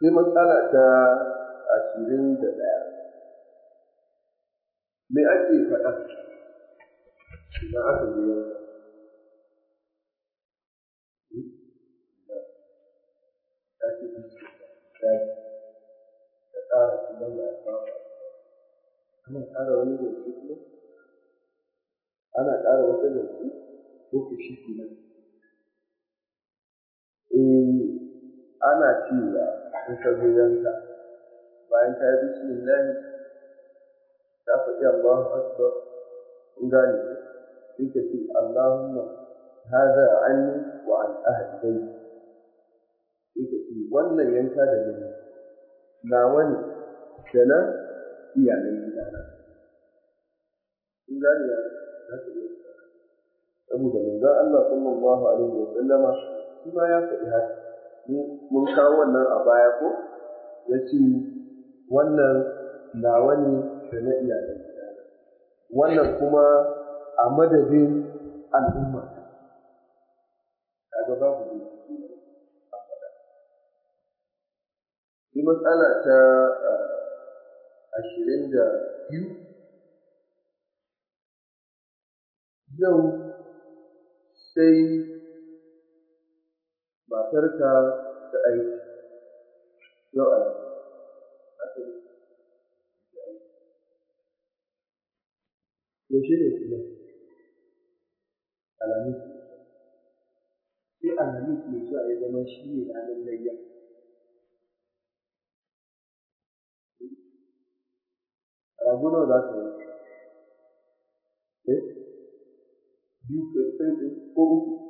sai matsala ta ashirin da ɗaya me ake faɗa idan aka a ana ƙara wani ana ƙara wata ko shi ana cewa in ka zo yanka bayan ka yi bismillah ka faɗi Allahu akbar in gane sai ka ce Allahumma hadha anni wa an ahli baiti sai ka ce wannan yanka da ni nawa ne da na iyalan gidana in gane ya za ka iya saboda manzon Allah sallallahu alaihi wa sallama shi ma ya faɗi haka mun kawo wannan a baya ko ya ce wannan na ne da na iyalan wannan kuma a madadin al'umma kaga babu ne a shi matsala ta ah, ashirin da biyu yau sai matarka da aiki yau a yaushe ne kuma Alamu. sai alamis ne zuwa ya zama shi ne na layya alamu nawa za ka yi eh? biyu ko uku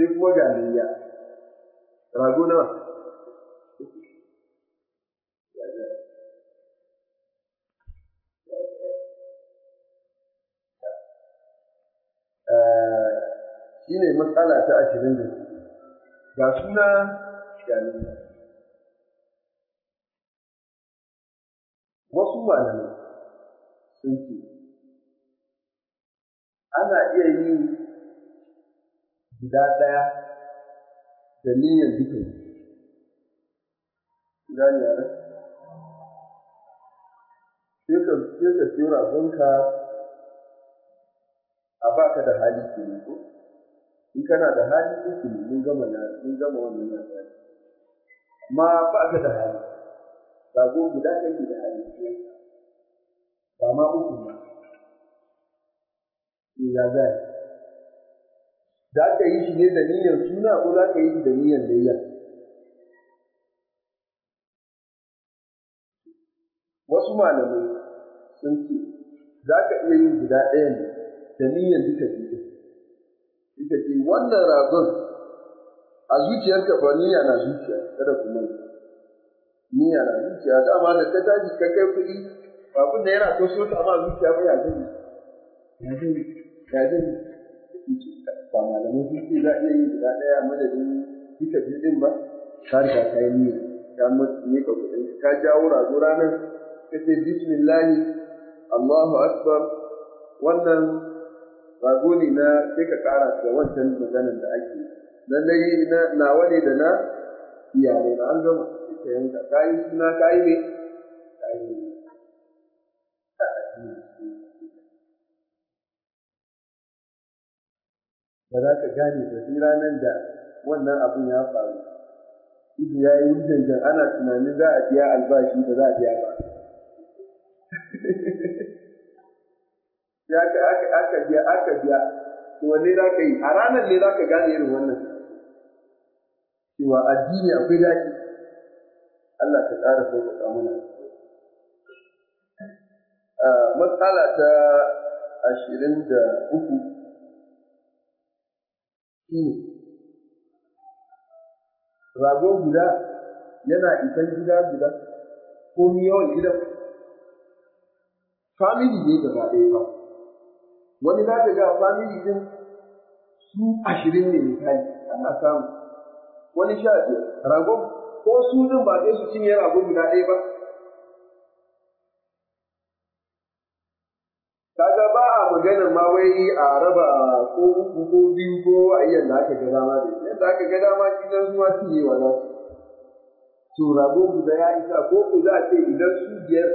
sai kuma ga niyya rago nawa eh, shi ne matsala ta ashirin da ga suna ga niyya wasu malamai sun ce ana iya yin guda ɗaya da niyyar dukkan. gani ya sai ka sai ka siyo ragonka a ka da hali ke ko in kana da hali zikiri mun gama na mun gama wannan na amma ba ka da hali rago guda kake da hali ba ma uku ba ya zai za ka yi shi ne da niyyar suna ko za ka yi shi da niyyar layya wasu malamai sun ce za ka iya yin guda ɗaya ne da niyyar duka duka ita ce wannan ragon a zuciyarka ba niyya na zuciya kada ku manta niyya na zuciya dama da ka tashi ka kai kuɗi ba kun da yana ko so ta ma zuciya ba ya zai ya zai ya zai ba malamai sun ce za a iya yin guda ɗaya madadin duka biyu ɗin ba ka riga ka yi niyya ka ne ka kuɗin ka jawo rago ranar ka ce bismillahi Allahu akbar wannan rago ne na sai ka ƙara da wancan maganar da ake lallai na nawa ne da na iyalai na an gama ka yanka ka yi suna ka yi ne ka yi ne Ba za ka gane da shi ranar da wannan abin ya faru idu ya yi wujanjan ana tunanin za a biya albashi da za a biya ba ya ka aka biya aka biya to wanne za ka yi a ranar ne za ka gane irin wannan cewa addini akwai daji Allah ta ƙara samu mana ah, matsala ta ashirin da uku shi rago guda yana isan gida guda ko ni yawan gidan family ne gaba ɗaya ba wani za ka ga family din su ashirin ne misali ana samu wani sha biyar rago ko su din ba ɗaya su cinye rago guda ɗaya ba kaga ba a magana ma wai a raba ko uku ko biyu ko a iya da aka ga dama da idan da aka ga dama idan zuwa su yi wa nasu to rago guda ya isa ko ku za a ce idan su biyar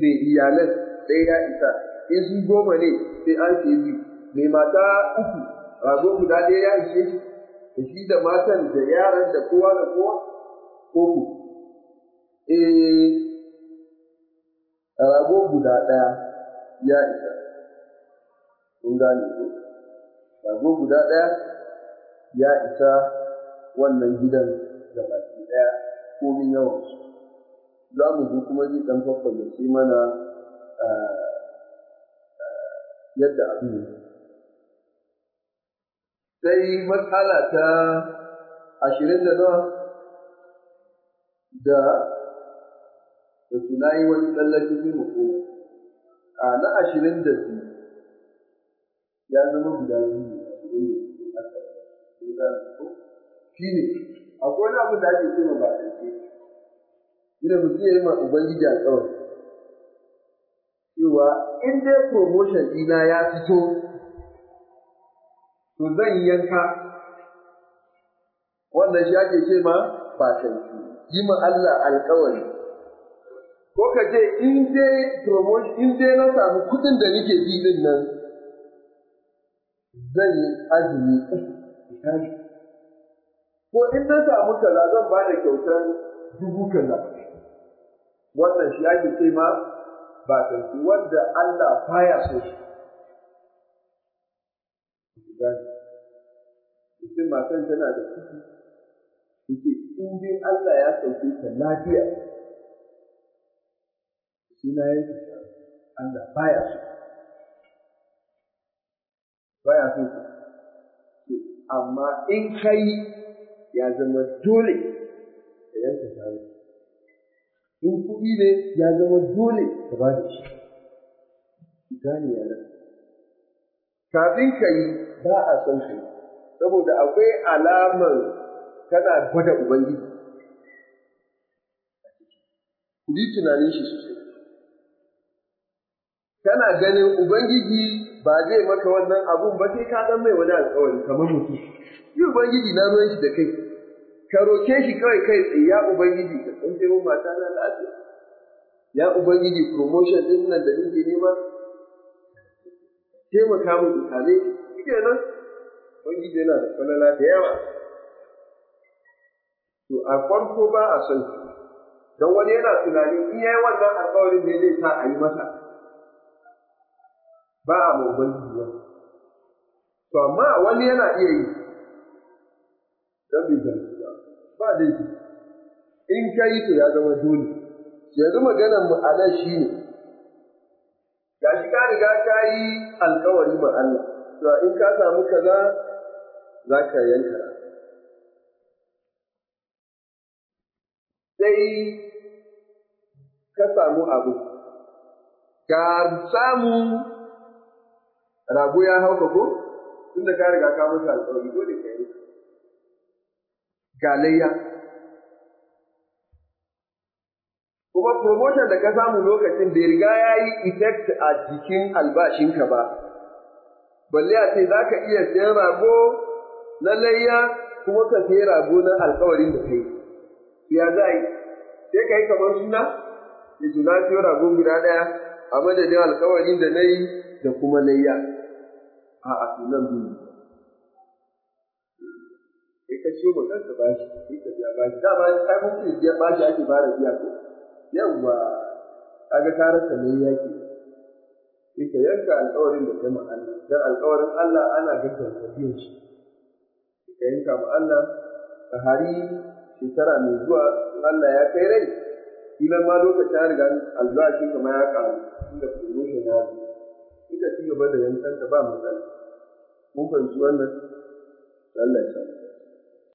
ne iyalan ɗaya ya isa in su goma ne sai an ce biyu mai mata uku rago guda ɗaya ya ishe shi da shi da matan da yaran da kowa da kowa ko ku eh rago guda ɗaya ya isa sun gane ko rago guda ɗaya ya isa wannan gidan da baki ɗaya komin yawan su za mu ji kuma zai ɗan faffayyace mana yadda abin yi. sai matsala ta ashirin da nawa da da suna yi wani tsallaki mu koma a na ashirin da biyu ya zama guda biyu shi ne akwai wani abin da ake cewa ba a ce ina mutum ya yi ma ubangiji a tsawon cewa in dai promotion ɗina ya fito to zan yi yanka wannan shi ake ce ma ba yi ma Allah alƙawari. ko ka je in dai promotion in dai na samu kuɗin da nake ji din nan zan yi azumi ko in na samu kaza zan ba da kyautar dubu kaza wannan shi ake kai ma ba wanda Allah baya so shi mutum matan tana da ciki yake in dai Allah ya sauke ta lafiya shi na yi Allah baya so baya so amma in kai ya zama dole ka yanka shanu in kuɗi ne ya zama dole ka ba da shi gane ya nan kafin ka yi ba a son ka saboda akwai alamar kana gwada ubangiji kuɗi tunanin shi sosai kana ganin Ubangiji ba zai maka wannan abun ba sai ka dan mai wani alƙawari kamar mutum. Yi Ubangiji na ruwan shi da kai. Ka roke shi kawai kai tsaye ya Ubangiji ka san mun mata na lafiya. Ya Ubangiji promotion din nan da nake nema. Taimaka mu tsare. shi kenan. Ubangiji yana da falala da yawa. To a farko ba a son don wani yana tunanin in yayi wannan alƙawarin ne zai sa a yi masa. ba a ma ubangiji wani to amma wani yana iya yi don ba ba laifi in ka yi to ya zama dole yanzu maganar mu shi ne ga shi ka riga ka yi alkawari ma Allah to in ka samu kaza za ka yanka sai ka samu abu ka samu rago ya hau ka ko tunda ka riga ka masa alƙawari dole ka yi galayya kuma promotion da ka samu lokacin da riga ya yi effect a jikin albashinka ba balle a ce za ka iya sayan rago na layya kuma ka sayi rago na alƙawarin da kai ya za yi sai ka yi kamar suna ya juna siyo rago guda ɗaya a madadin alkawarin da na yi da kuma layya a a sunan biyu sai ka ce mu ka ba shi sai ka biya ba shi shi, ta mun biya ba shi ake fara biya ko yawwa ga ta rasa layya ke sai ka yanka alkawarin da kai ma'ana, don alkawarin Allah ana gaggauta biyan shi ka yanka ma'ana, ka hari shekara mai zuwa Allah ya kai rai kila ma lokacin ya riga albashi kuma ya karu inda promotion na zo kika ci gaba da yankan ta ba matsala mun fahimci wannan Allah